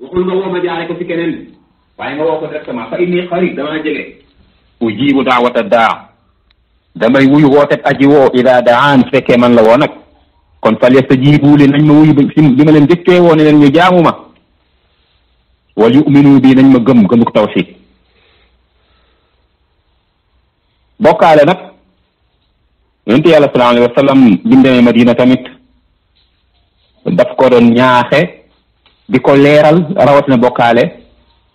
waxul nga woo ko ci keneen fa inni xarit damay wuyu wooteeg aji woo ida daan fekkee man la woo nag kon fal yastajibu leen nañ ma wuyu bi ma leen njëkkee woo ne leen ñu jaamu ma wal yuminu bi nañ ma gëm gëmuk tawxiid bokkaale nag yonent yàlla sallallahu alayhi wa sallam bi mu demee tamit daf ko doon ñaaxe. di ko leeral rawat na bokkaale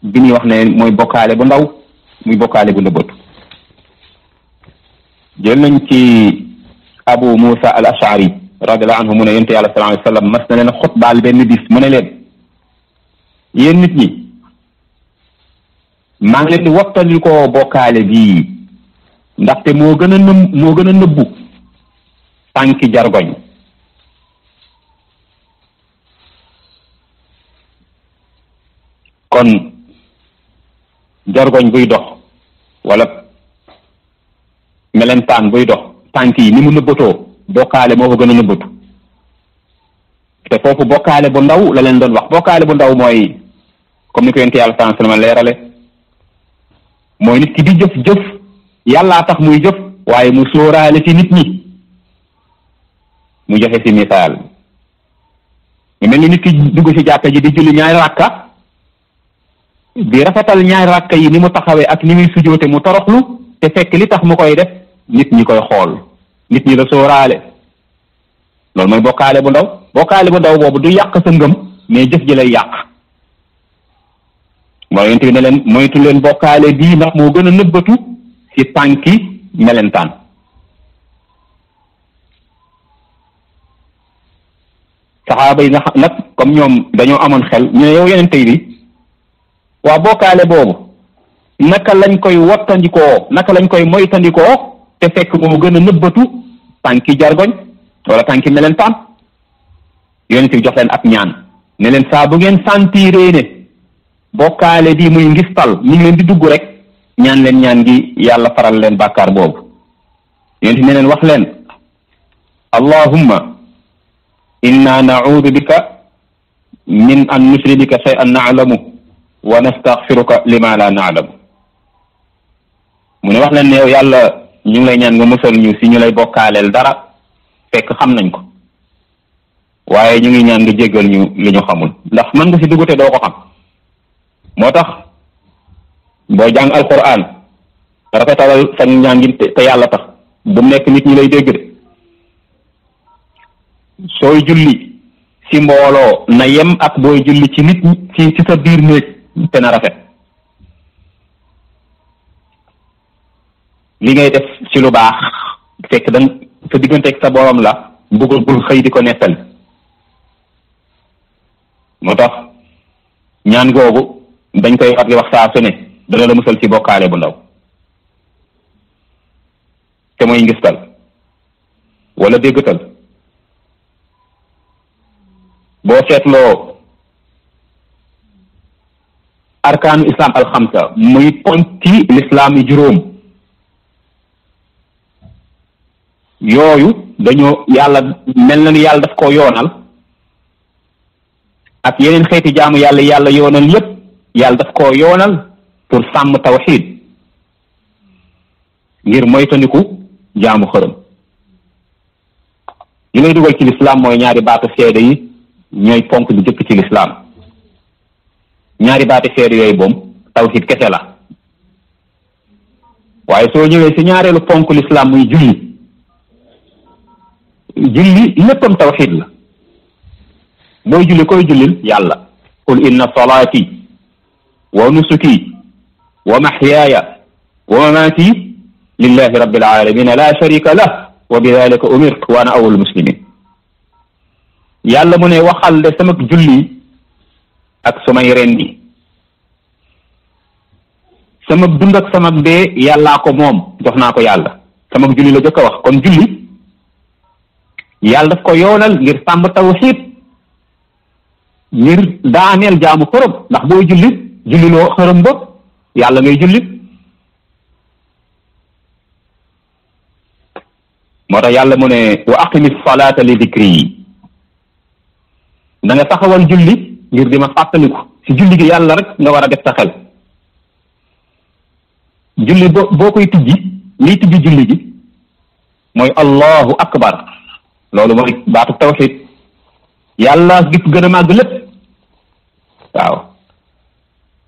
bi ñuy wax ne mooy bokkaale bu ndaw muy bokkaale bu nëbbatu jël nañ ci abu musa al ashari radiallahu anhu mu ne yonte yàlla sallallahu alayhi wa sallam mas na leen xutbaal benn bis mu ne leen yéen nit ñi maa ngi leen di wattandi ko bokkaale bii ndaxte moo gën a moo gën a nëbbu tànki jargoñ kon jargoñ buy dox wala melentaan buy dox tànk yi ni mu nëbbatoo bokkaale moo ko gën a nëbbatu te foofu bokkaale bu ndaw la leen doon wax bokkaale bu ndaw mooy comme ni ko yonent yàlla sallallahu alayhi wa sallam leerale mooy nit ki di jëf jëf yàllaa tax muy jëf waaye mu sóoraale ci nit ñi mu joxe ci misaal mu mel ni nit ki dugg ci jàppe ji di julli ñaari rakka di rafetal ñaari rakka yi ni mu taxawee ak ni muy sujoote mu toroxlu te fekk li tax mu koy def nit ñi koy xool nit ñi la sóoraale loolu mooy bokkaale bu ndaw bokkaale bu ndaw boobu du yàq sa ngëm mais jëf ji lay yàq mooy yonent bi ne leen moytu leen bokkaale bii ndax moo gën a nëbbatu ci tànki melentaan saxaaba yi nag comme ñoom dañoo amoon xel ñu ne yow yonent bi waa kaale boobu naka lañ koy wottandikoo naka lañ koy moytandikoo te fekk moo gën a nëbbatu tànki jargoñ wala tànki melentaan yonent bi jox leen ab ñaan ne leen saa bu ngeen sentiree ne bokkaale bi muy ngistal mi ngi leen di dugg rek ñaan leen ñaan gi yàlla faral leen bàkkaar boobu yonent ne leen wax leen allahumma inna na bika min an nusri am shay'an naalamu wa nastaxfiruka lima la naalam mu ne wax leen ne yow yàlla ñu ngi lay ñaan nga musal ñu si ñu lay bokkaaleel dara fekk xam nañ ko waaye ñu ngi ñaan nga jéggal ñu li ñu xamul ndax mën nga si dugg doo ko xam moo tax booy jàng alquran rafetalal sa ñaan ñàngi te yàlla tax bu nekk nit ñu lay dégg de sooy julli si mbooloo na yem ak booy julli ci nit ci ci sa biir néeg te li ngay def ci lu baax fekk da sa digganteeg sa borom la mbugul bul xëy di ko nettali moo tax ñaan googu dañ koy war wax saa su ne dana la musal ci bokkaale bu ndaw te mooy ngistal wala déggatal boo seetloo arkaanu islam alxamsa muy ponki lislaam yi juróom yooyu dañoo yàlla mel na ni yàlla daf koo yoonal ak yeneen xeeti jaamu yàlla yàlla yoonal yépp yàlla daf koo yoonal pour sàmm tawxiid ngir moytandiku jaamu xërëm li lay dugal ci lislaam mooy ñaari baatu seede yi ñooy ponk bi jëkk ci lislaam ñaari baati seede yooyu boom tawhid kese la waaye soo ñëwee si ñaareelu ponk lislaam muy julli julli léppam tawhid la mooy julli koy jullil yàlla qul inna salaati wa nusuki wa mahyaaya wa mamaati lillahi rabbil alamina la sharika lah wa bidalika umirtu wa ana awwalul muslimin yàlla mu ne waxal de samak julli ak samay ren yi sama dund ak sama dee yàllaa ko moom jox naa ko yàlla sama julli la jëkk a wax kon julli yàlla daf ko yoonal ngir sàmm tawxiid ngir daaneel jaamu xërëm ndax boo julli julliloo xërëm ba yàlla ngay julli moo tax yàlla mu ne wa aqimi salaata yi danga nga taxawal julli ngir di ma fàttaliku si julli gi yàlla rek nga war a def sa xel julli boo boo koy tijji liy tijji julli gi mooy allahu akbar loolu mooy baatu tawxid yàlla gis gën a màgg lépp waaw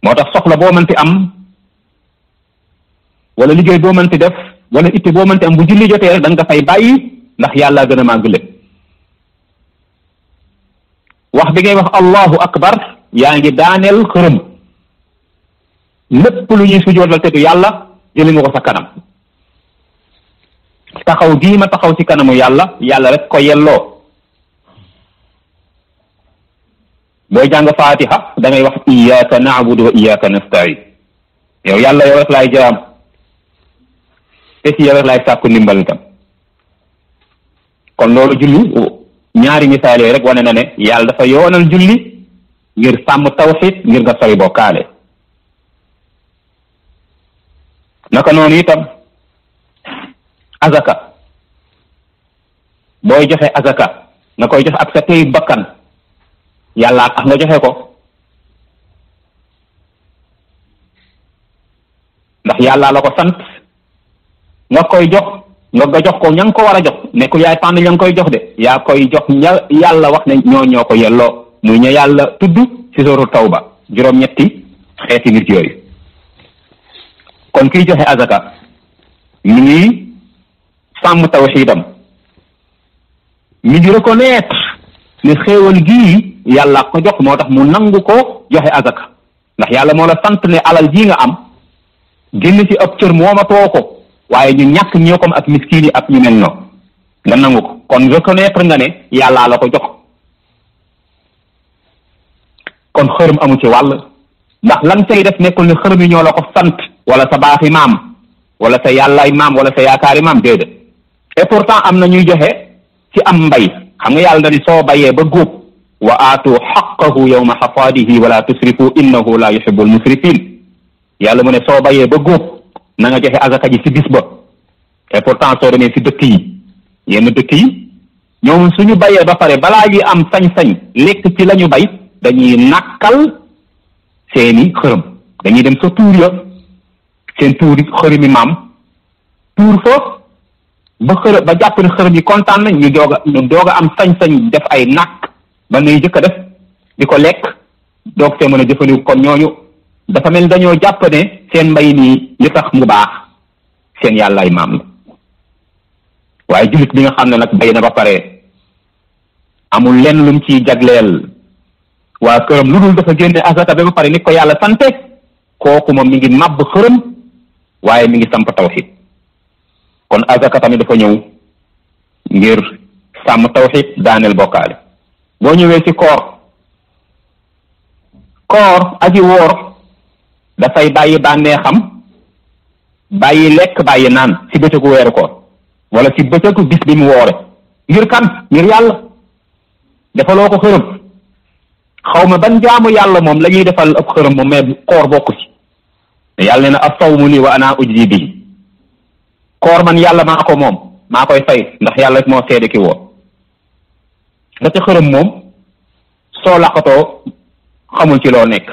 moo tax soxla boo mënti am wala liggéey boo mënti def wala itte boo mënti am bu julli jotee rek da nga fay bàyyi ndax yàlla gën a màgg lépp wax bi ngay wax allahu akbar yaa ngi daaneel xërëm lépp lu ñuy sujjóotal te du yàlla jëli nga ko sa kanam taxaw gii ma taxaw ci kanamu yàlla yàlla rek ko yelloo booy jàng faatiha da ngay wax iyyaka na'budu wa iyyaka nasta'in yow yàlla yow rek laay jaam te ci yow rek laay sàkku ndimbal kon loolu julli ñaari misaal rek wane na ne yàlla dafa yoonal julli ngir sàmm tawxid ngir nga sori bokkaale naka noonu itam azaka booy joxe azaka nga koy joxe ak sa tey bakkan yàlla tax nga joxe ko ndax yàlla la ko sant nga koy jox nga nga jox ko ña ko war a jox nekkul yaay tànn ña nga koy jox de yaa koy jox ña yàlla wax ne ñoo ñoo ko yelloo muy ña yàlla tudd ci taw tawba juróom-ñetti xeeti nit yooyu kon kiy joxe azaka mi ngi sàmm tawxiidam mi ngi reconnaître ne xéewal gii yàlla ko jox moo tax mu nangu ko joxe azaka ndax yàlla moo la sant ne alal jii nga am génn ci ab cër moomatoo ko waaye ñu ñàkk ñoo comme ak miskin yi ak ñu mel noo nga nangu ko kon reconnaître nga ne yàllaa la ko jox kon xërëm amu ci wàll ndax lan say def nekkul ne xërëm yi ñoo la ko sant wala sa baaxi maam wala sa yàllaay maam wala sa yaakaari maam déedéet et pourtant am na ñuy joxe ci am mbay xam nga yàlla na ni soo bayee ba góob wa aatu xaqahu yawma xasaadihi wala tusrifu innahu la yuhibbul musrifin yàlla mu ne soo bayee ba góob nanga nga joxe azaka ji si bis ba et soo demee si dëkk yi yenn dëkk yi ñoom suñu bayee ba pare balaa ñuy am sañ-sañ lekk ci lañu bay dañuy nàkkal seeni xërëm dañuy dem sa tuur ya seen tuuri xërëmi maam tuur foofu ba xërë ba jàpp ne xërëm yi kontaan nañ ñu doog a ñu doog am sañ-sañ def ay nàkk ba ngay jëkk a def di ko lekk doog see mën a jëfandiku kon ñooñu dafa mel dañoo jàpp seen mbay nii li tax mu baax seen yàllaay maam la waaye jullit bi nga xam ne nag bay na ba pare amul lenn lum ciy jagleel waa këram lu dul dafa génne asaka ba ba pare ni ko yàlla sante kooku moom mi ngi màbb xërëm waaye mi ngi samp tawxid kon asaka tamit dafa ñëw ngir sàmm tawxid daaneel bokkaale boo ñëwee ci koor koor aji woor dafay bàyyi bànneexam bàyyi lekk bàyyi naan ci bëccëgu weeru koor wala ci bëccëgu gis bi mu woore ngir kan ngir yàlla defaloo ko xërëm xaw ma ban jaamu yàlla moom lañuy defal ab xërëm moom mais koor bokku yàlla nee na as-sawmu lii wa ana ujzi bihi koor man yàlla maa ko moom maa koy fay ndax yàlla moo seede ki woor da xërëm moom soo laqatoo xamul ci loo nekk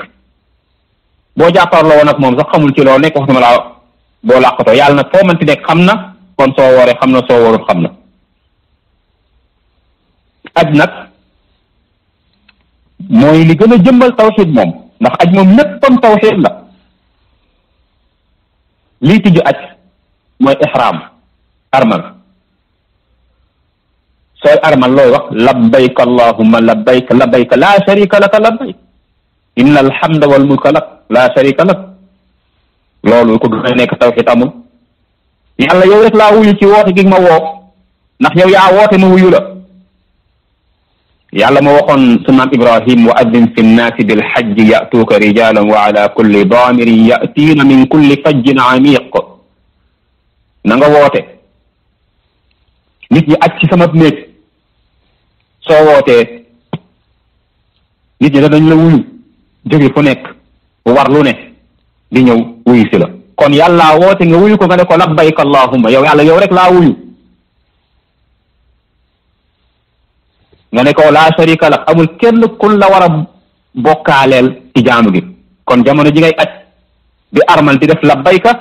boo jàpparloo woon ak moom sax xamul ci loo nekk wax dama laa boo làqatoo yàlla nag foo mënti nekk xam na kon soo wooree xam na soo woorut xam na aj nag mooy li gën a jëmbal tawxiid moom ndax aj moom léppam tawxiid la lii tijju aj mooy ihraam armal sooy armal looy wax labbayka allahumma labbayka labbayka laa sharika laka labbayk inna alhamda wal mulka lak laa sharika lak loolu ko gën a nekk tawxit amul yàlla yow rek laa wuyu ci woote gi ma woo ndax yow yaa woote ma wuyu la yàlla ma waxoon su maam ibrahim wa addin fi nnaasi bilxajji yatuuka rijalan wa ala kulli daamirin yatiina min kulli fajjin amiq na nga woote nit ñi aj ci sama néeg soo wootee nit ñi dañ la wuyu jóge fu nekk war lu ne di ñëw wuyu si la kon yàlla woote nga wuyu ko nga ne ko labbayka allahumma yow yàlla yow rek laa wuyu nga ne ko laa sharika lak amul kenn kun la bokkaaleel ci jaamu gi kon jamono ji ngay aj di armal di def labbayka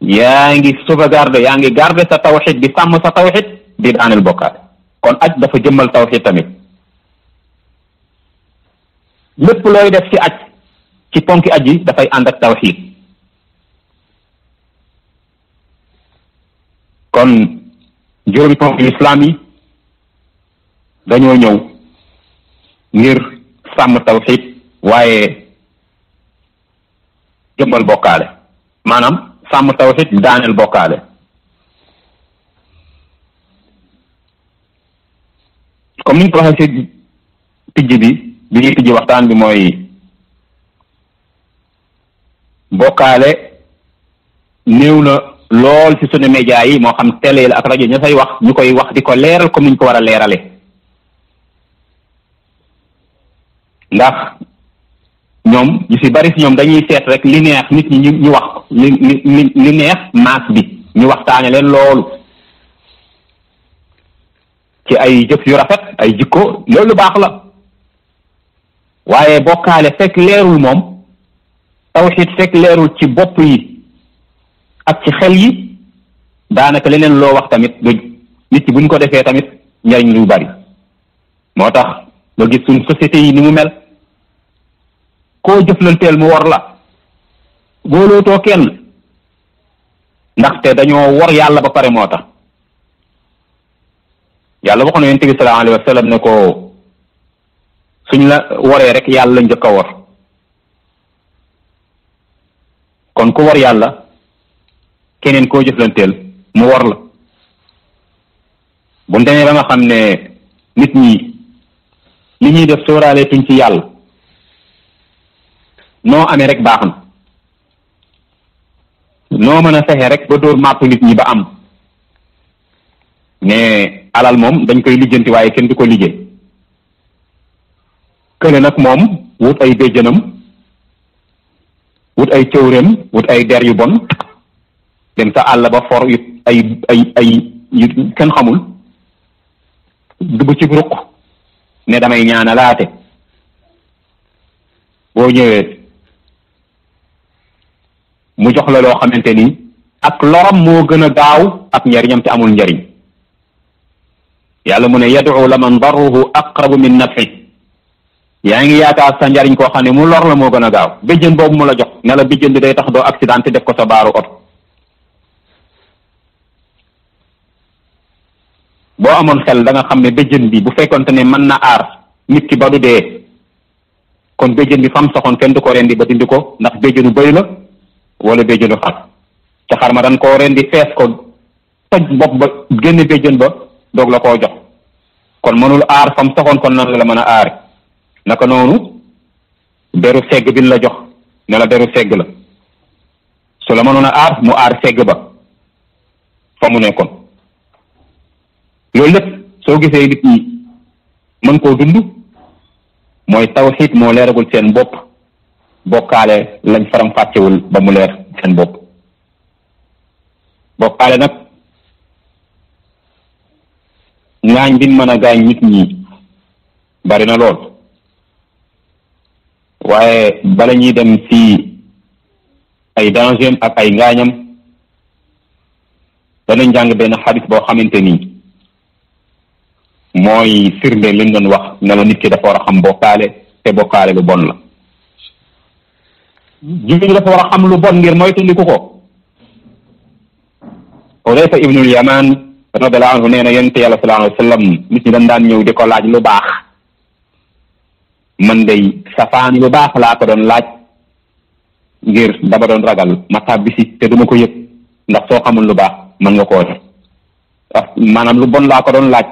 yaa ngi sauvegarde yaa ngi garde sa tawxid di sàmm sa tawxid di daaneel bokkaale kon aj dafa jëmmal tawxid tamit lépp looy def ci aj ci ponki aji dafay ànd ak tawxiid kon juróomi ponki lislaam yi dañoo ñëw ngir sàmm tawxiid waaye jëmbal bokkaale maanaam sàmm tawxiid daaneel bokkaale kon ni ñu ko bi bi ñuy tijj waxtaan bi mooy bokkaale néew na lool ci sunu média yi moo xam télé la ak rajo ña fay wax ñu koy wax di ko leeral comme ni ñu ko war a leerale ndax ñoom ñu si bari si ñoom dañuy seet rek li neex nit ñi ñu wax li li li neex maas bi ñu waxtaane leen loolu ci ay jëf yu rafet ay jikko loolu baax la waaye bokkaale fekk leerul moom tawxiit fekk leerul ci bopp yi ak ci xel yi daanaka leneen loo wax tamit nit ki buñ ko defee tamit njariñ lu bari moo tax nga gis suñ société yi ni mu mel koo jëflanteel mu war la góolootoo kenn ndaxte dañoo war yàlla ba pare moo tax yàlla boo na ne bi sallallahu alayhi wa sallam ne ko suñ la woree rek yàlla lañ a war kon ku war yàlla keneen koo jëflanteel mu war la bu mu ba nga xam ne nit ñi li ñuy def sóoraale tuñ ci yàlla noo amee rek baax na noo mën a fexe rek ba dóor màpp nit ñi ba am ne alal moom dañ koy lijjanti waaye kenn du ko liggéey kële nag moom wut ay béjjanam wut ay cëwréem wut ay der yu bon dem sa àll ba for yu ay ay ay yu kenn xamul dugg ci ruq ne damay ñaanalaate boo ñëwee mu jox la loo xamante ni ak loram moo gën a gaaw ak njariñam te amul njariñ yàlla mu ne yad'u la man darruhu aqrabu min naf'i yaa ngi yaakaar sa njariñ koo xam ne mu lor la moo gën a gaaw béjjën boobu mu la jox ne la béjjën bi day tax doo accident te def ko sa baaru oto boo amoon xel danga xam ne béjjën bi bu fekkonte ne mën na aar nit ki ba du dee kon béjjën bi fam soxoon kenn du ko rendi ba dindi ko ndax béjjënu bëy la wala béjjënu xar te xar ma dan koo rendi fees ko toj bopp ba génn béjjën ba doog la koo jox kon mënul aar fam soxoon kon nan la la mën a aar naka noonu deru segg bi la jox ne la deru segg la su la mënoon a aar mu aar segg ba fa mu nekkoon loolu lépp soo gisee nit ñi mën koo dund mooy taw tawxiit moo leeragul seen bopp bokkaale lañ faram fàccewul ba mu leer seen bopp bokkaale nag ngaañ bi mën a gaañ nit ñi bari na lool waaye bala ñuy dem ci ay danger ak ay ngaañam danañ jàng benn xadis boo xamante ni mooy firnde liñ doon wax ne la nit dafa war a xam bokkaale te bokkaale lu bon la jullit bi dafa war a xam lu bon ngir moytandiku ko Hudayfa ibnul Yamaan radiyallaahu anhu nee na yonent yàlla sallallaahu alayhi wa sallam nit ñi dañ daan ñëw di ko laaj lu baax man day safaan lu baax laa ko doon laaj ngir dama doon ragal ma tàbbi si te duma ko yëg ndax soo xamul lu baax mën nga maanaam lu bon laa ko doon laaj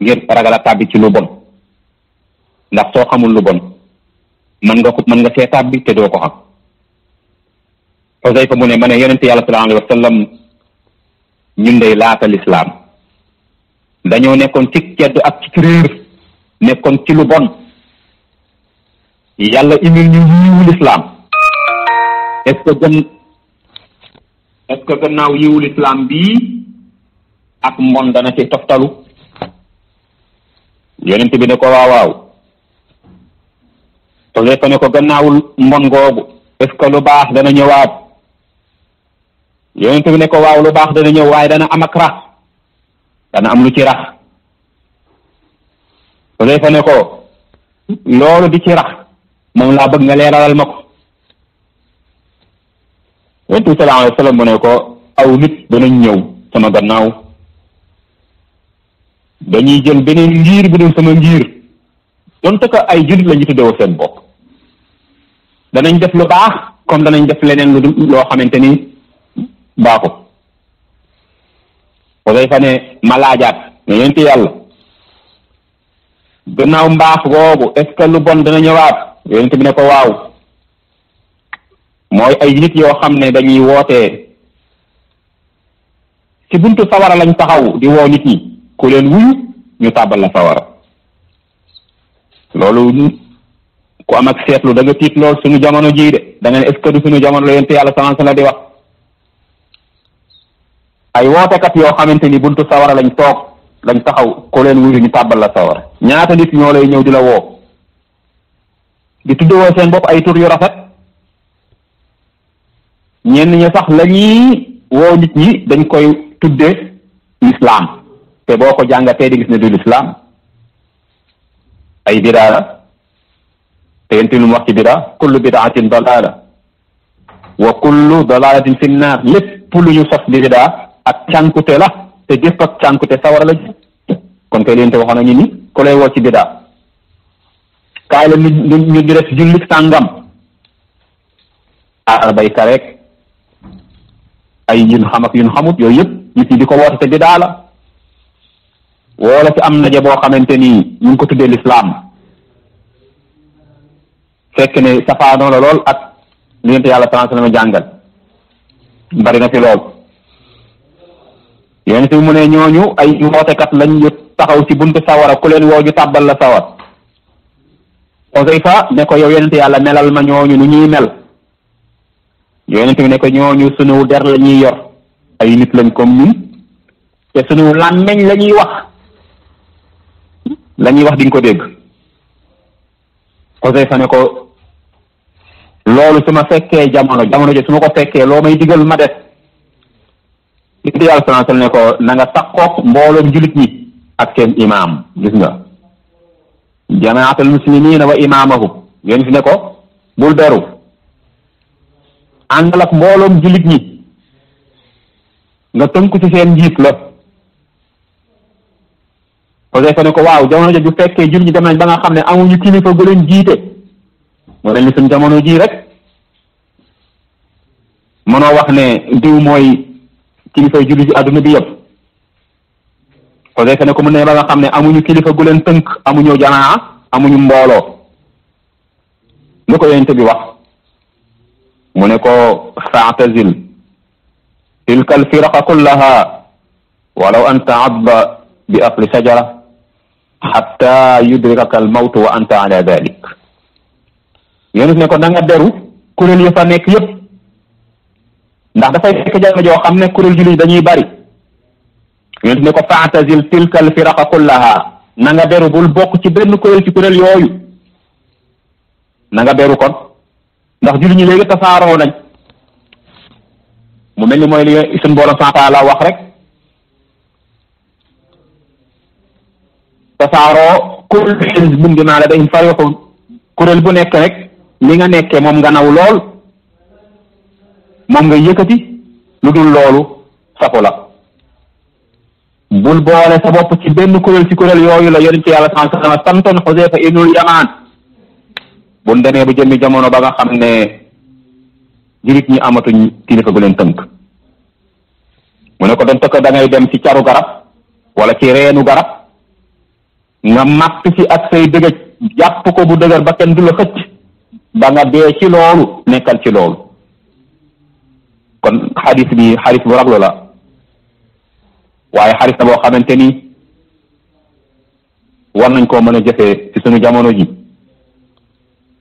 ngir ragal a tàbbi bon ndax soo xamul lu bon mën nga ko mën nga see tàbbi te doo ko xam Xusayfa mu ne ma ne yeneen yonent yàlla sallallahu alayhi wa sallam ñun day laata dañoo nekkoon ci cedd ak ci réer nekkoon ci lu bon yàlla indil ñu yiwu lislaam est-ce que gën est-ce que gannaaw yiwu lislaam bii ak mbon dana ci toftalu yonent bi ne ko waaw waaw tole ko ne ko gannaawul mbon googu est-ce que lu baax dana ñëwaat yonent bi ne ko waaw lu baax dana ñëw waaye dana am ak rax dana am lu ci rax tole ko ne ko loolu di ci rax moom laa bëgg nga leeralal ma ko yonent bi sallallahu alayhi wa sallam ko aw nit danañ ñëw sama gannaaw dañuy jël beneen ngir bu dul sama ngir donte ko ay jullit la ñu tuddewoo seen bopp danañ def lu baax comme danañ def leneen lu dul loo xamante ni baaxul Xuzayfa ne malaajaat laajaat ne yonent yàlla gannaaw mbaax googu est lu bon dana ñëwaat yonent bi ne ko waaw mooy ay nit yoo xam ne dañuy wootee ci buntu sawara lañ taxaw di woo nit ñi ku leen wuyu ñu tàbbal la sawara loolu ku am ak seetlu da tiit lool suñu jamono jii de da nga ne est suñu jamono la yonent yàlla sallallahu alayhi wasallam di wax ay wootekat yoo xamante ni buntu sawara lañ toog lañ taxaw ku leen wuyu ñu tàbbal la sawara ñaata nit ñoo lay ñëw di la woo di tuddewoo seen bop ay tour yu rafet ñen ñi sax la wo nit ñi dañ koy tuddé islam te boko jangaté di gis né du islam ay bidaa té te yenti lu wax ci bidaa kullu bid'atin dalala wa kullu dalalatin fi nnaar lepp lu ñu sax di bidaa ak cyankuté la te jëf ak cyankuté sawara la kon té leen té waxana ñi ni ko lay wo ci bidaa kaay la ñu ñu ñu def jullit sàngam albayta rek ay yun xam ak ñun xamut yoy yep ñu ci diko ko te bidaa la woola ci am naje boo xamante ni ñu ko tuddee lislaam fekk ne safaanoo la lol ak ñu yonte yalla tan sama jangal bari na fi lol yonente bi mu ne ñoñu ay wootekat lañ yu taxaw ci buntu sawara ku len woo ñu la sawara Uzayfa ne ko yow yonent yàlla melal ma ñu nu ñuy mel yonent bi ne ko ñooñu sunu der la ñuy yor ay nit lañ comme ñun te sunu làmmeñ la wax lañuy wax di ko dégg Uzayfa ne ko loolu su ma fekkee jamono jamono ji su ma ko fekkee loo may digal ma def yonent yàlla ne ko nanga nga takkook mbooloom jullit ñi ak seen imaam gis nga jamaatul muslimina wa imaamahum yéen fi ne ko bul beru àndal mbooloom jullit ñi nga tënku ci seen njiit la Xuzayfa ne ko waaw jamono jooju bu fekkee jullit ñi dem nañ ba nga xam ne amuñu kilifa gu leen jiite moo leen li suñ jamono jii rek mënoo wax ne diw mooy kilifay jullit ci àdduna bi yëpp kon nekk ne ko mu ne ba nga xam ne amuñu kilifa gu leen tënk amuñu janaa amuñu mbooloo lu ko yonent bi wax mu ne ko faatazil tilka alfiraqa kullaha walaw an taadda bi aqli sajara xatta yudrikaka almawtu wa anta ala dalik yonent ne ko da nga deru kuréel ya fa nekk yépp ndax dafay fekk jamono joo xam ne kuréel jullit dañuy bari yonent ne ko faatazil tilkal firaqa kullaha na nga beru bul bokk ci benn kuréel ci kuréel yooyu na nga beru kon ndax jullit ñi léegi tasaaroo nañ mu mel ni mooy li suñ borom santaa la wax rek tasaaroo kuréel xel bun dañ fare kuréel bu nekk rek li nga nekkee moom nga naw lool moom nga yëkkati lu dul loolu safu la bul boole sa bopp ci benn kuréel ci kuréel yooyu la yonente yàlla sallallahu alayhi wasallam santoon Xuzayfa ibnul Yamaan buñ demee bu jëmmi jamono ba nga xam ne jurit ñi amatuñ kilifa gu leen tënk mu ne ko doon tëkk da dem ci caru garab wala ci reenu garab nga matt ci ak say dëgëj jàpp ko bu dëgër ba kenn du la xëcc ba nga dee ci loolu nekkal ci loolu kon xadis bi xadis bu raglu la waaye xarit la boo xamante ni war nañ koo mën a jëfee ci suñu jamono ji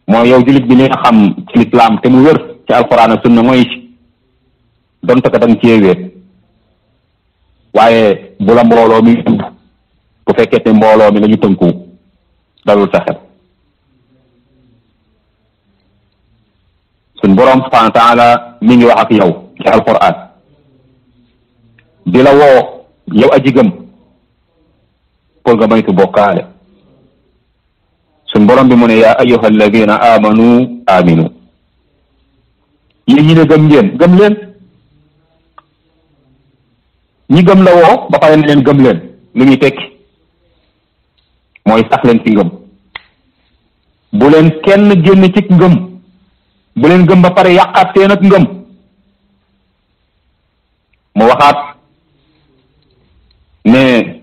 moo yow jullit bi li nga xam ci lislaam te mu wér ci alxuraan ak sunna mooy donte ko danga cee waaye bu la mbooloo mi bu fekkee te mbooloo mi la ñu tënku dalul sa xel suñ boroom subhaanahu wa taala mi ngi wax ak yow ci alxuraan di la woo yow aji gëm pour nga moytu bokkaale suñ borom bi mu ne yaa ayyuha alladina amanu aminu yéen ñi ne gëm ngeen gëm leen ñi gëm la woo ba pare ne leen gëm leen lu ñuy mooy sax leen ci ngëm bu leen kenn génn ci ngëm bu leen gëm ba pare yàqaat seen ak ngëm mu waxaat ne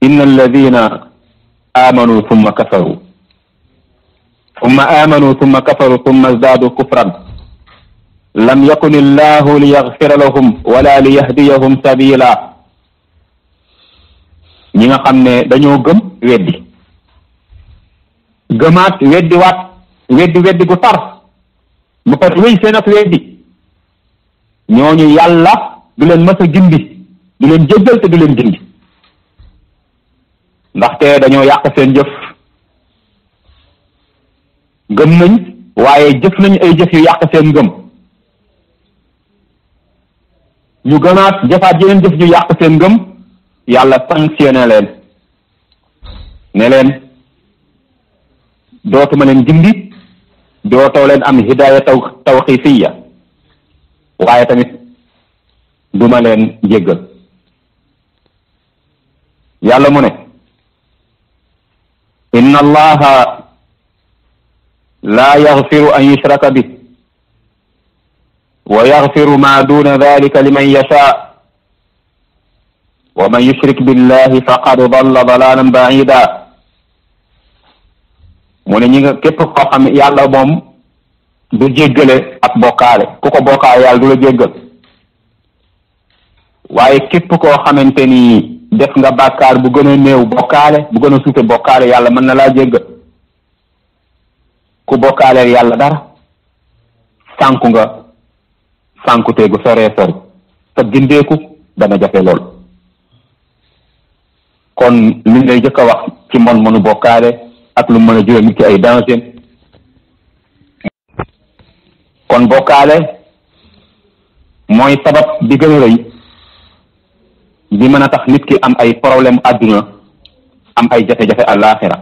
inna alladina amanu summa kafaru summa amanu summa kafaru summa zdaadu kufran lam yakun illahu liyagfira lahum wala liyahdiyahum sabila ñi nga xam ne dañoo gëm weddi gëmaat weddi waat weddi weddi gu tar bu ko wéy seen ak weddi ñooñu yàlla du leen mës a gindi du leen jéggal te du leen gindi ndaxte dañoo yàq seen jëf gëm nañ waaye jëf nañ ay jëf yu yàq seen gëm ñu gënaat jëfaat yeneen jëf yu yàq seen gëm yàlla sanctionné leen ne leen dootuma leen gindi dootoo leen am hidaaya taw tawxiifiya waaye tamit duma leen jéggal yàlla mu ne inna allaha laa yaxfiru an yushraka bi wa yaxfiru ma duna dalika liman yasha wa man yushrik billahi faqad dalla dalalan baida mu ne ñi nga képp koo xam yàlla moom du jéggale ak bokkaale ku ko bokkaale yàlla du la jéggal waaye képp koo xamante ni def nga bàkkaar bu gën a néew bokkaale bu gën a suufe bokkaale yàlla mën na laa jéggal ku bokkaaleel yàlla dara sànku nga sànkute gu soree sori sa gindeeku dana jafe lool kon li ngay jëkk a wax ci mbon mënu bokkaale ak lu mën a juróom ci ay danger kon bokale moy sabab bi gëna reuy bi mëna tax nit ki am ay problème aduna am ay jafe-jafe jafé al-akhirah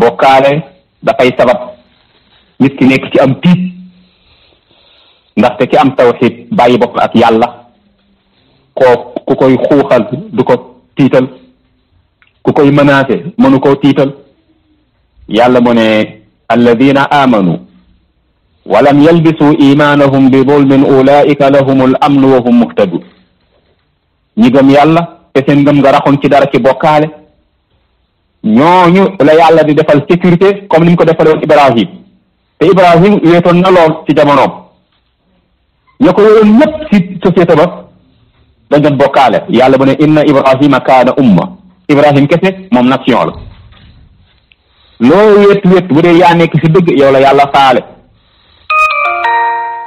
bokale da fay sabab nit ki nek ci am tit ndax te ki am tawhid bàyyi bokk ak yàlla ko ku koy xuxal du ko tital ku koy menacer mënu koo tiital yàlla mo ne alladina amanu ولم يلبسوا إيمانهم بظلم أولئك لهم الأمن وهم مهتدون نيغم يالا تسين غم غراخون كي داركي بوكالة نيو لا يالا دي دفل سيكوريتي كم نمكو دفل إبراهيم تي إبراهيم يتون نالور في جمانوب يقول نب في سوسيته بس دنجن بوكالة يالا بني إن إبراهيم كان أمه إبراهيم كسي مم نسيون لو يت يت بودي يانيك في دق يولا يالا صالح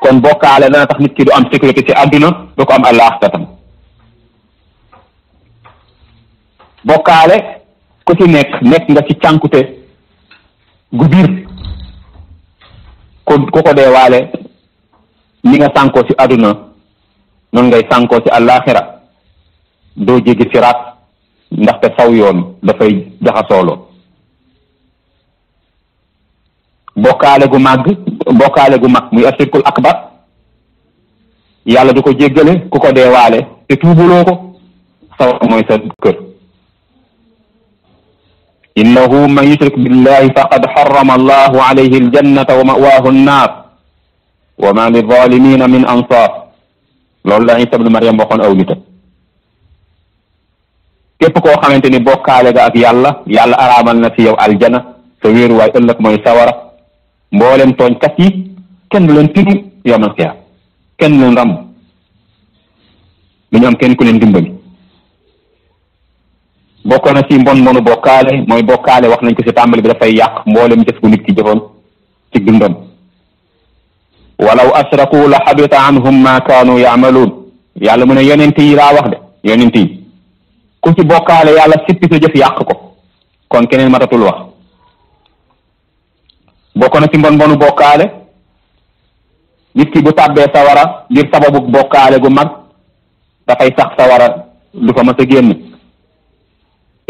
kon bokkaale dana tax nit ki du am sécurité ci àdduna du ko am àllaaxira tam bokkaale ku ci nekk nekk nga ci cànkute gu biir ku ku ko dee ni nga sànkoo ci àdduna noonu ngay sànkoo ci àllaaxira doo jéggi siraat ndaxte saw yoon dafay jaxasooloo bokkaale gu màgg bokale gu mag muy asirkul akbar yàlla du jegalé kuko ku ko te tuubuloo ko sawar mooy sa keur innahu man yushrik billahi faqad harrama allah alayhi aljannata wa mawaahu nar wa ma li zalimina min ansar lol la Isa bnu Maryam waxoon aw nitam képp koo xamante ni ga ak yàlla yàlla aramal na fi yow aljana sa way ëllëg moy sawara mbooleem tooñkat yi kenn du leen tinu yomal xiyaam kenn du leen ràmm du ñu kenn ku leen dimbali bokkoon na ci mbon mbonu bokkaale mooy bokkaale wax nañ ko ci tàmbali bi dafay yàq mboolem jëf gu nit ki jëfoon ci dundam walaw ashraku la xabita anhum ma kaanu yaamaluun yàlla mu ne yonent yi laa wax de yonent yi ku ci bokkaale yàlla sippi sa jëf yàq ko kon keneen matatul wax bokk ci mbon mbonu bokkaale nit ki bu tàbbee sawara ngir sababu bokkaale gu mag dafay sax sawara lu fa mas a génn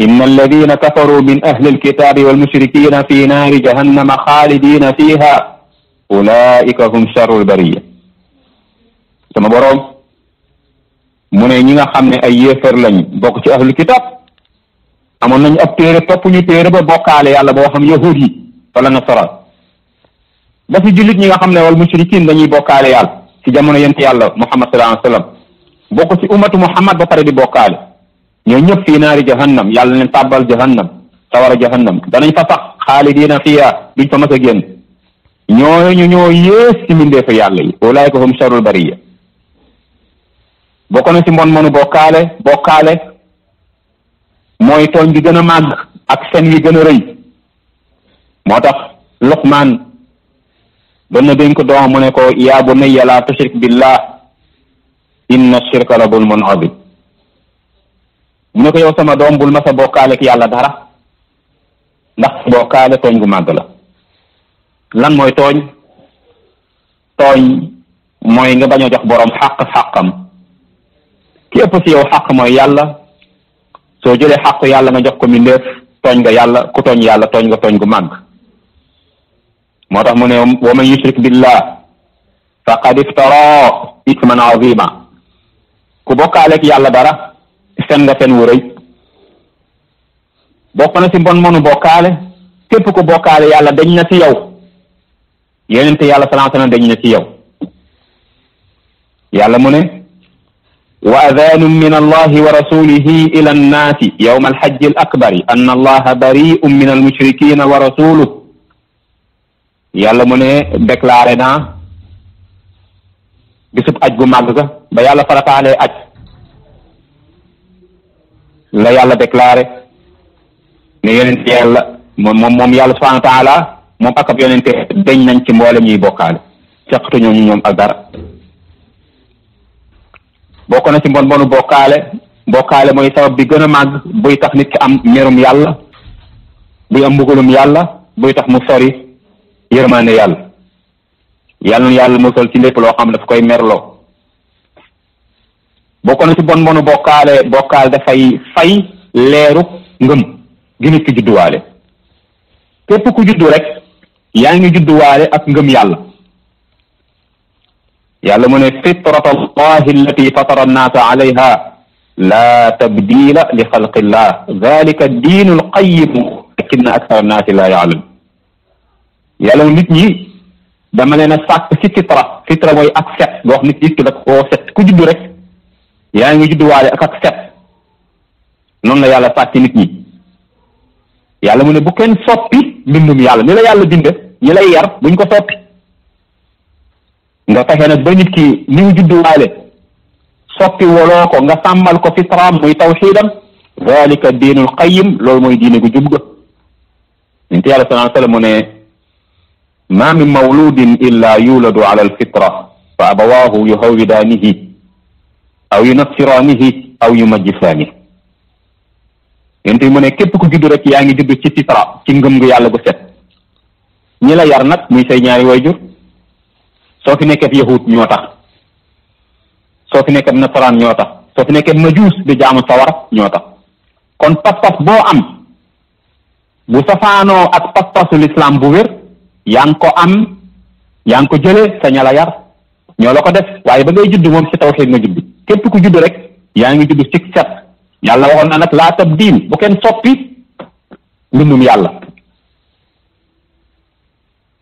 إن الذين كفروا من أهل الكتاب والمشركين fi نار جهنم khalidina fiha أولئك هم شر البرية sama borom mu ne ñi nga xam ne ay yéefar lañ bokk ci ahlul kitab amoon nañu ab téere topp ñu téere ba bokkaale yàlla boo xam yahud yi wala nasaraan ba si jullit ñi nga xam ne wal mushrikin dañuy bokkaale yàlla si jamono yent yàlla muhammad sallallahu alayhi wa sallam bokk si umatu muhammad ba pare di bokkaale ñoo ñëpp fii naari jahannam yàlla leen tàbbal jahannam sawara jahannam danañ fa sax xaalidina fiya duñ fa mas a génn ñooñu ñoo yées si mbindeefu yàlla yi ulaayka hum sharul bariya bokk na si mbon mënu bokkaale bokkaale mooy tooñ bi gën a màgg ak fen wi gën a rëy moo tax luqmaan doon na dénk doom mu ne ko yaa bunayya laa tushrik billah inna shirka la zulmun azim mu ne ko yow sama doom bul ma sa bokkaale ak yàlla dara ndax bokkaale tooñ gu màgg la lan mooy tooñ tooñ mooy nga bañ a jox boroom xàq xàqam ki ëpp si yow xàq mooy yàlla soo jëlee xàq yàlla nga jox ko mbindéef tooñ nga yàlla ku tooñ yàlla tooñ nga tooñ gu màgg moo tax mu ne wa man yushrik billah faqad iftara isman azima ku bokkaaleeg yàlla dara sen nga sen wu rëy bokk na si mbon mënu bokkaale képp ku bokkaale yàlla dañ na si yow yenente yàlla salaa sallam dañ na si yow yàlla mu ne وأذان من الله ورسوله إلى الناس يوم الحج الأكبر أن الله بريء من المشركين ورسوله yàlla mu ne déclaré naa bisub aj gu màgg ga ba yàlla farataalee aj la yàlla déclaré ne yonent yàlla moom moom yàlla subhaanahu wa taala moom ak ab yonente dañ nañ ci mboolem ñuy bokkaale seqatu ñooñu ñoom ak dara bokk na ci mbon mbonu bokkaale bokkaale mooy sabab bi gën a màgg buy tax nit ki am merum yàlla buy am mbugalum yàlla buy tax mu sori yërmaane yàlla yàlla na yàlla mosal ci lépp loo xam ne dafa koy merloo bokk na ci bon bonu bokkaale bokkaal dafay fay leeru ngëm gi nit ki judduwaale képp ku judd rek yaa ngi judduwaale ak ngëm yàlla yàlla mu ne fitrata allahi allati fatara annaasa alayha laa tabdila li xalqillah dalika diinu alqayim lakinna akthara annaasi laa yaalam yàlla nit ñi dama leen a sàkk ci fitra fitra mooy ak set boo xam nit nit ki da koo set ku juddu rek yaa ngi judduwaale ak ak set noonu la yàlla sàkk nit ñi yàlla mu ne bu kenn soppi mbindum yàlla ni la yàlla bind ñi lay yar buñ ko soppi nga fexe nag ba nit ki ni mu judduwaale soppi woloo ko nga sàmmal ko fitraam muy tawxiidam dalika diinul qayim loolu mooy diine gu jub ga yàlla sallallahu alayhi wa ma min mawludin illa yuladu ala alfitra fa abawahu yuhawidaanihi aw yunassiraanihi aw yumajjisaanihi yente mu ne képp ku juddu rek yaa ngi judd ci fitra ci ngëm gu yàlla gu set ñi la yar nag muy say ñaari wayjur soo fi nekkee yahut ñoo tax soo fi nekkee nasaraan ñoo tax soo fi nekkee majuus di jaamu sawar ñoo tax kon pas-pas boo am bu safaanoo ak pas-pasu lislaam bu wér Yang ko am yang ko jele sa ña yar ñolo ko def waye ba ngay judd mom si tawxiid nga judd képp ku judd rek ya nga judd ci set yalla waxon na nak la tabdin bu ken soppi mbindum yalla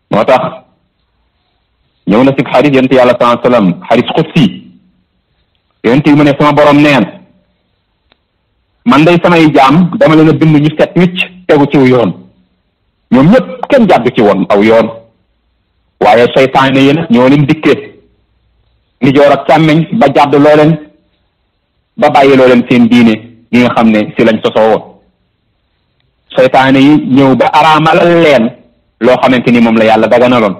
motax ñew na ci hadith yent yalla saa sallam hadith qudsi yent yi mu sama borom neen man day samay jam dama leena bind ñu set wicc tegu ci yoon ñoom ñëpp kenn jàgg ci woon aw yoon waaye seytaane yi nag ñoo leen dikkee ni joor ak càmmeñ ba jàdd loo ba bàyyi loo leen seen diine ñi nga xam ne si lañ sosoo woon seytaane yi ñëw ba araamalal leen loo xamante ni moom la yàlla daganaloon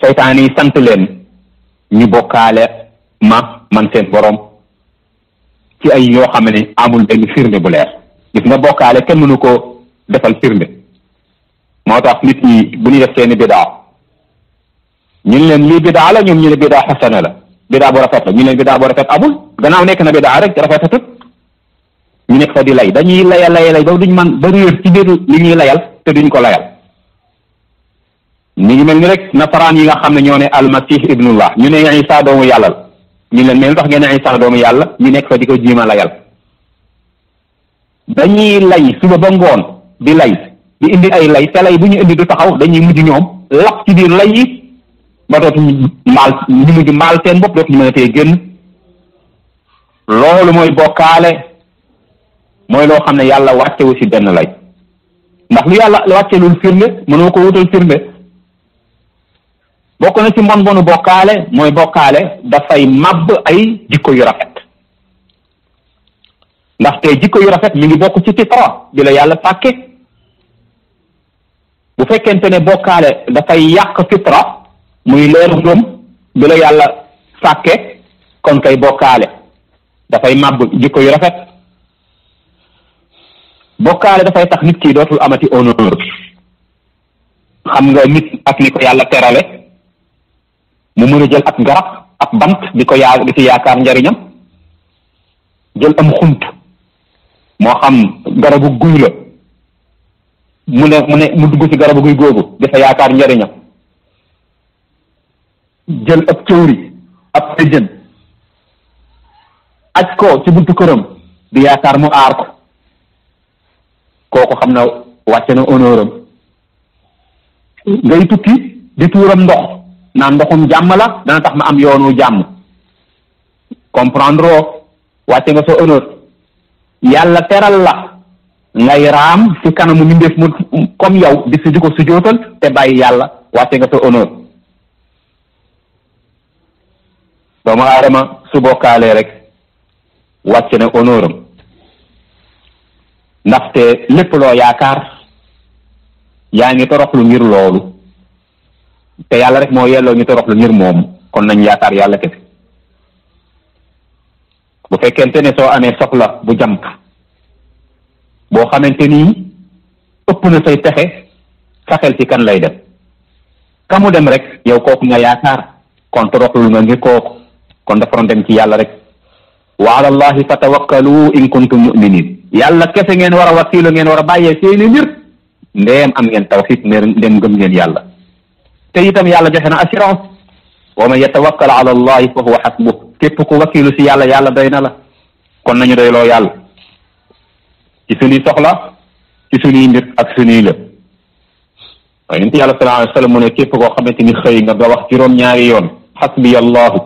seytaane yi sant leen ñu bokkaale ma man seen boroom ci ay yoo xam ne amul benn firnde bu leer gis nga bokkaale kenn mënu ko defal firnde moo tax nit ñi bu ñu def seeni bidaa ñu ne leen lii bidaa la ñoom ñu ne bidaa xasana la bidaa bu rafet la ñu leen bidaa bu rafet amul gannaaw nekk na bidaa rek rafetatut ñu nekk fa di lay dañuy laya laya lay ba duñ man ba réer ci biir li ñuy layal te duñ ko layal ñu ngi mel ni rek nasaraan yi nga xam ne ñoo ne almasih ibnullah ñu ne Isa doomu yàlla ñu leen meen tax ngeen ne Isaa doomu yàlla ñu nekk fa di ko jiima layal dañuy lay suba ba ngoon di lay bi indi ay lay te lay bu ñu indi du taxaw dañuy mujj ñoom lap ci biir lay yi ba dootuñu ñu mujj mbaal seen bopp dootuñu mën a génn loolu mooy bokkaale mooy loo xam ne yàlla wàccewu ci benn lay ndax lu yàlla wàcce lul firnde mënoo ko wutal firnde bokk na ci mbon mbonu bokkaale mooy bokkaale dafay màbb ay jikko yu rafet ndaxte jikko yu rafet mi ngi bokk ci fitra bi la yàlla sàkke bu fekkente ne bokkaale dafay yàq fitra muy leeru ngëm bi la yàlla sàkke kon kay bokkaale dafay màbb jikko yu rafet bokkaale dafay tax nit ki dootul amati honneur xam nga nit ak ni ko yàlla terale mu mën a jël ak garab ak bant di ko yaa di ci yaakaar njariñam jël am xunt moo xam garabu guy la mu ne mu ne mu dugg ci garabu guy googu di yaakaar njariñam jël ab cëwri ab tëjën aj ko ci buntu këram di yaakaar mu aar ko kooku xam na wàcce na honneuram ngay tukki di tuuram ndox naan ndoxum jàmm la dana tax ma am yoonu jàmm comprendre oo wàcce nga sa honneur yàlla teral la ngay raam kanam kanamu mbindeef mu comme yow di su di ko sujootal te bàyyi yàlla wàcce nga sa honneur doomu aadama su bokkaalee rek wàcce na honneur am ndaxte lépp loo yaakaar yaa ngi toroxlu ngir loolu te yalla rek mo yello ñu torox lu ngir mom kon nañ yaakar yalla kete bu fekkente ne so amé soxla bu jam boo xamante ni na say taxé saxel ci kan lay def kamu dem rek yow koku nga yaakar kon lu nga ngi koku kon dafa dem ci yalla rek wa ala allahi fatawakkalu in kuntum muminin yalla kese ngeen wara a ngeen wara baye seeni mbir am ngeen gem ngeen yalla te itam yàlla joxe na assurance wa man yatawakkal ala allahi fa huwa xasbuh képp ku wakilu si yàlla yàlla doy na la kon nañu doyloo yàlla ci suñuy soxla ci suñuy mbir ak suñuy lëpp waaye nit yàlla sallallahu alayhi wa sallam mu ne képp koo xamante ni xëy nga nga wax juróom-ñaari yoon xasbiya allahu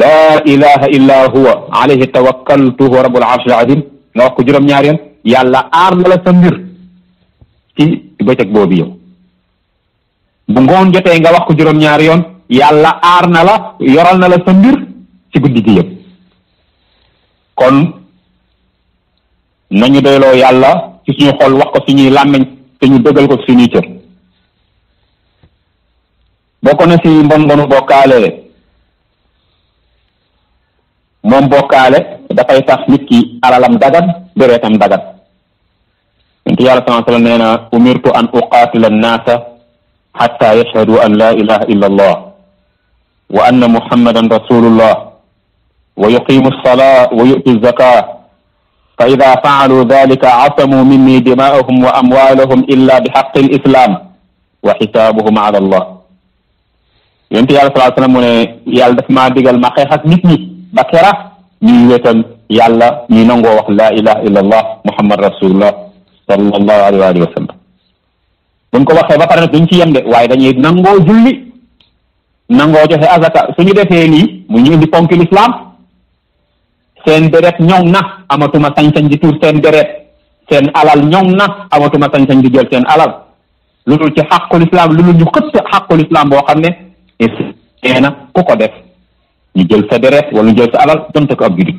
laa ilaha illa huwa alayhi tawakkaltu huwa rabbul arshil azim nga wax ko juróom-ñaari yoon yàlla aar na la sa mbir ci bëccëg boobu yow bu ngoon jotee nga wax ko juróom-ñaari yoon yàlla aar na la yoral na la sa ci guddi gi yëpp kon nañu doyloo yàlla ci suñu xol wax ko suñuy làmmiñ te ñu dëggal ko suñuy cër bokk na si mbon mbonu bokkaale moom bokkaale dafay tax nit ki alalam dagat deretam dagat yonent yàlla sallallahu alayhi wa sallam nee na umirtu an uqaatila annaasa حتى يشهدوا أن لا إله إلا الله وأن محمدا رسول الله ويقيم الصلاة ويؤتي الزكاة فإذا فعلوا ذلك عصموا مني دماءهم وأموالهم إلا بحق الإسلام وحسابهم على الله ينتي يا صلى الله عليه وسلم ما ديغل ما خيخك نتني بكرة ني ويتن يالا ني نغو لا إله إلا الله محمد رسول الله صلى الله عليه وسلم buñ ko waxee ba pare nag duñ ci yem de waaye dañuy nangoo julli nangoo joxe azaka ñu defee lii mu ñu indi ponk lislaam seen deret ñoŋ na amatuma sañ-sañ di tuur seen deret seen alal ñoŋ na amatuma sañ-sañ di jël seen alal lu dul ci xàqul lu dul ñu xëtt xàqul islam boo xam ne nee na ku ko def ñu jël sa deret wala ñu jël sa alal donte ko ab julit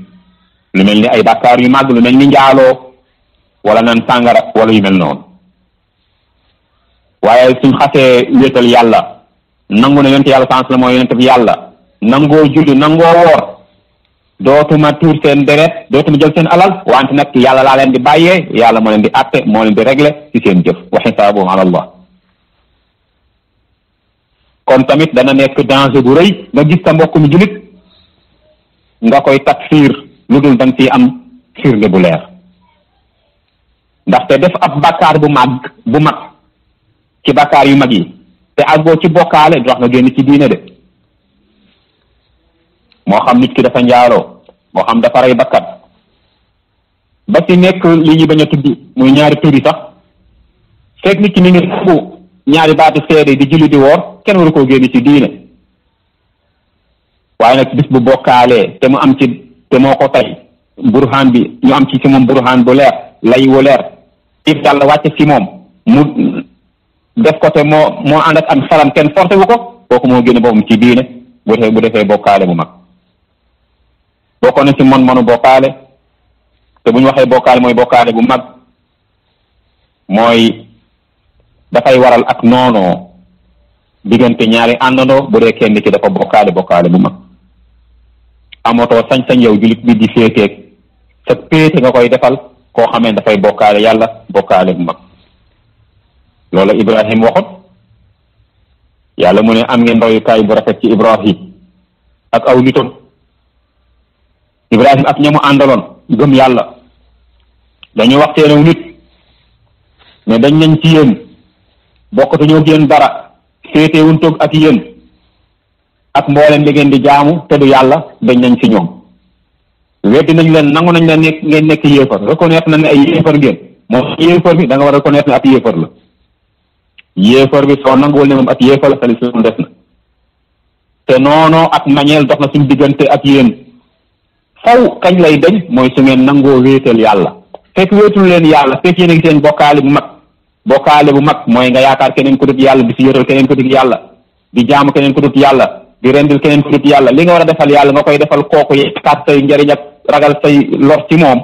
lu mel ni ay bàkkaar yu màgg lu mel ni njaaloo wala naan sàngara wala yu mel noonu waaye suñ xasee wéetal yàlla nangu ne yonent yàlla sans la mooy yonent bi yàlla nangoo julli nangoo woor dootuma tuur seen deret dootuma jël seen alal wante nag yàlla laa leen di bàyyee yàlla moo leen di atte moo leen di régler ci seen jëf wa xisaabuhum ala allah kon tamit dana nekk danger bu rëy nga gis sa mbokk mu nga koy takfiir lu dul danga ciy am firnde bu leer ndaxte def ab bàkkaar bu màgg bu mag ci bakkaar yu mag yi te boo ci bokkaale wax na génn ci diine de moo xam nit ki dafa njaaloo moo xam dafa rey bakkan ba ci nekk li ñu bañ a tudd muy ñaari turi sax fekk nit ki mi ngi bu ñaari baatu seede di julli di woor kenn waru koo génn ci diine waaye nag bis bu bokkaalee te mu am ci te moo ko tey burhaan bi ñu am ci ci moom bu leer lay wu leer ci wàcce ci moom mu def ko te moo moo ànd ak am xelam kenn forcé ko kooku moo génne boppam ci diine bu defee bu defee bokkaale bu mag bokkoon na ci mon monu bokkaale te bu ñu waxee bokkaale mooy bokkaale bu mag mooy dafay waral ak noonoo diggante ñaari àndandoo bu dee kenn ki dafa bokkaale bu mag amatoo sañ-sañ yow jullit bi di féeteeg sa péete nga koy defal koo xamee dafay bokkaale yàlla bokkaale bu mag loola Ibrahim waxut yàlla mu ne am ngeen royukaay bu rafet ci Ibrahim ak aw nitam Ibrahim ak ñamu mu àndaloon gëm yàlla dañu wax seen nit ne dañ nañ ci yéen bokkatu ñoo génn dara féetewun toog ak yéen ak mboolem bi ngeen di jaamu te du yàlla dañ nañ ci ñoom weddi nañ leen nangu nañ la nekk ngeen nekk yéefar reconnaître na ne ay yéefar ngeen moom yéefar bi da nga war a reconnaître ne ab yéefar la yéefar bi soo nanguwul ne moom ak yéefar la salisum def na te noonoo ak nañeel dox na suñu diggante ak yéen faw kañ lay deñ mooy su ngeen nangoo wéetal yàlla fekk wéetul leen yàlla fekk yéen a ngi bokkaale bu mag bokkaale bu mag mooy nga yaakaar keneen ku dut yàlla di si yëtal keneen ku dut yàlla di jaamu keneen ku dut yàlla di rendil keneen ku dut yàlla li nga war a defal yàlla nga koy defal kooku yaakaar say njariñ ak ragal say lor ci moom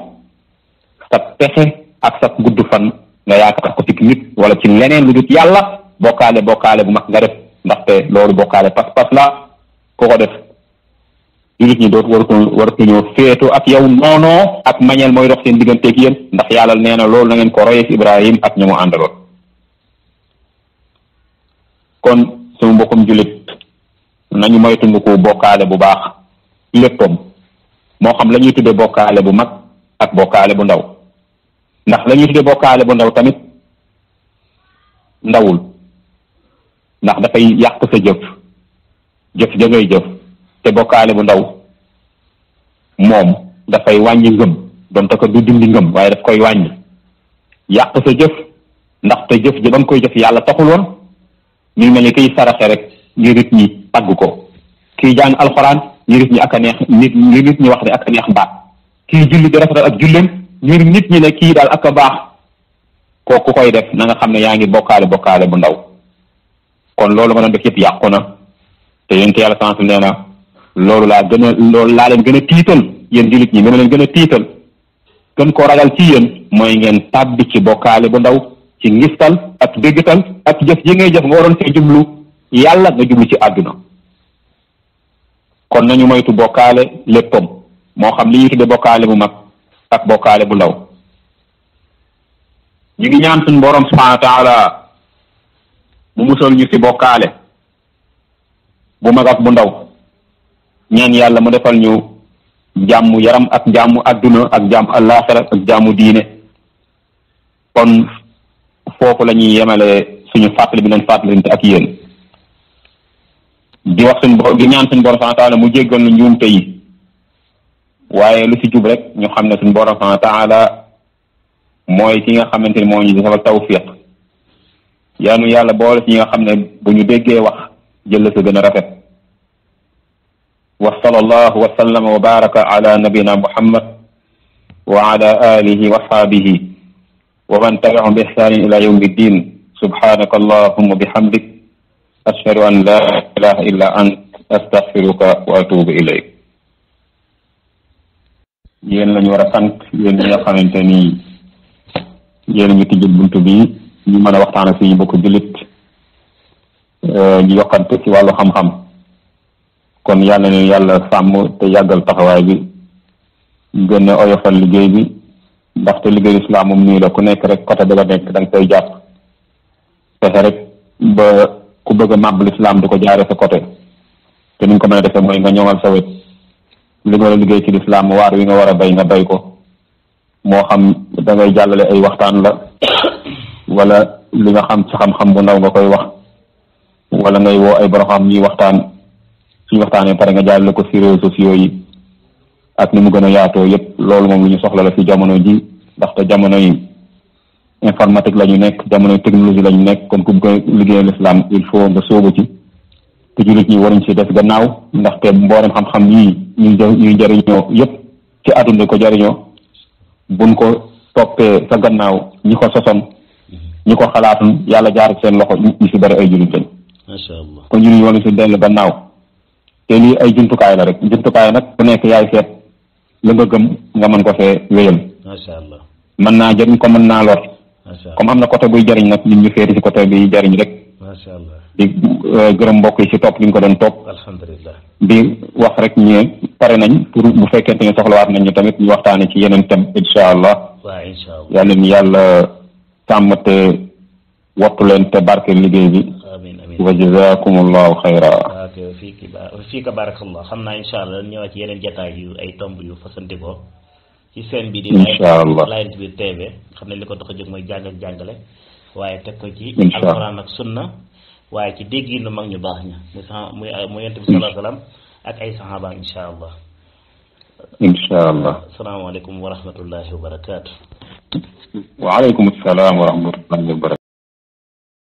sa pexe ak sa gudd fan nga yaakaar ko ci nit wala ci leneen lu dut yàlla bokkaale bokkaale bu mag nga def ndaxte loolu bokkaale pas-pas la ku ko def jullit ñi doot warutu waratuñoo féetoo ak yow noonoo ak mañeel mooy dox seen digganteeg yéen ndax yàlla nee na loolu na ngeen ko royee ci Ibrahim ak ñi mu àndaloon kon suñu mbokkum jullit nañu moytundiku bokkaale bu baax léppam moo xam la ñuy tudde bokkaale bu mag ak bokkaale bu ndaw ndax la ñuy tuddee bokkaale bu ndaw tamit ndawul ndax dafay yàq sa jëf jëf ja ngay jëf te bokkaale bu ndaw moom dafay wàññi ngëm donte ko du dindi ngëm waaye daf koy wàññi yàq sa jëf ndax te jëf ja ba nga koy jëf yàlla taxul woon ñu mel ni kiy saraxe rek ngir nit ñi tagg ko kii jàng alxuraan ngir nit ñi ak a neex nit ngir nit ñi wax ne ak a neex mbaat kiy julli di rafetal ak julleem ngir nit ñi ne kii daal ak a baax kooku koy def na nga xam ne yaa ngi bokkaale bokkaale bu ndaw kon loolu nga doon def yëpp yàqu na te yéen yàlla sant nee na loolu laa gën a loolu laa leen gën a tiital yéen jullit ñi li ma gën a tiital gën koo ragal ci yéen mooy ngeen tàbbi ci bokkaale bu ndaw ci ngistal ak déggatal ak jëf yi ngay jëf nga waroon see jublu yàlla nga jublu ci àdduna kon nañu moytu bokkaale léppam moo xam li ñuy tudde bokkaale bu mag ak bokkaale bu ndaw ñu ngi ñaan suñ borom subhanahu wa taala mu musal ñu ci bokkaale bu mag bu ndaw ñaan yàlla mu defal ñu jàmm yaram ak jàmm adduna ak jàmm àllaaxira ak jàmm diine kon foofu lañuy ñuy yemale suñu fàttali bi leen fàttalinte ak yéen di wax suñ di ñaan suñ borom subhanahu wa taala mu jéggal nu njuumte yi waaye lu ci jub rek ñu xam ne suñu borom subhanahu wa taala mooy ki nga xamante ni moo ñu defal tawfiq yaanu yàlla boole ci nga xam ne bu ñu déggee wax jël sa gën a rafet wa sallallahu wa sallama wa baraka ala nabina muhammad wa ala alihi wa ashabihi wa man tabi'ahum bi ihsanin ila yawmi ddin subhanaka allahumma bihamdik ashhadu an la ilaha illa ant astaghfiruka wa atubu ilayk yéen la ñu war a sant yéen ñi nga xamante ni yéen a tijjul bunt bi ñu mën a waxtaan ak ñu bokk jullit ñu euh, yokkante ci wàllu xam-xam kon yàlla ne yàlla sàmm te yàggal taxawaay bi gën a oyofal liggéey bi ndaxte liggéey islam moom nii la ku nekk rek côté ba ko nekk danga koy jàpp fexe rek ba ku bëgg a màbb lislaam di ko jaaree sa côté te ni nga ko mën a defee mooy nga ñoŋal sa wet li nga war a liggéey ci lislaam waar wi nga war a bay nga bay ko moo xam da ngay jàllale ay waxtaan la wala li nga xam ci xam-xam bu ndaw nga koy wax wala ngay woo ay borom xam ñuy waxtaan suñu waxtaanee pare nga jàllale ko ci réseaux sociaux ak ni mu gën a yaatoo yépp loolu moom lu ñu soxla la ci jamono ji ndaxte jamono yi informatique la ñu nekk jamono technologie la ñu nekk kon ku bëgg liggéey lislaam il faut nga sóobu ci te jullit ñi waruñ si def gannaaw ndaxte mboolem xam-xam yii ñuy ñuy jëriñoo yëpp ci àdduna ko jëriñoo buñ ko toppee sa gannaaw ñi ko sosoon ñi ko xalaatoon yàlla jaar seen loxo ñu si bari ay jullit lañ. ko allah kon jullit si dellu gannaaw te lii ay jumtukaay la rek jumtukaay nag ku nekk yaay seet la nga gëm nga mën ko fee wéyal. macha allah mën naa jëriñ ko mën naa lor. comme am na côté buy jëriñ nag ñun ñu féete si côté bi jëriñ rek. macha allah di eh, gërëm mbokk yi ci topp gi ñu ko dem topp. alhamdulilah di wax rek ñu pare nañ pour bu fekkente ne soxlawaat nañ ñu tamit ñu waxtaanee ci yeneen thèmes incha allah. waaw incha allah yàlla ñu yàlla sàmm te wattu leen te barke liggéey bi. amiin amiin wa jazakumullahu xayra fii kiba fii ka barakallah xam naa incha allah ñëwaat ci yeneen jataay yu ay tomb yu fasante ne li ko tax a jóg mooy jàng jàngale. waaye teg ko ci alquran ak sunna waaye ci déggi lu mag ñu baax ña muy muy yonte bi salaa salaam ak ay sahaba insha allah insha allah asalaamaaleykum wa rahmatullahi wa barakaatu وعليكم السلام ورحمة الله وبركاته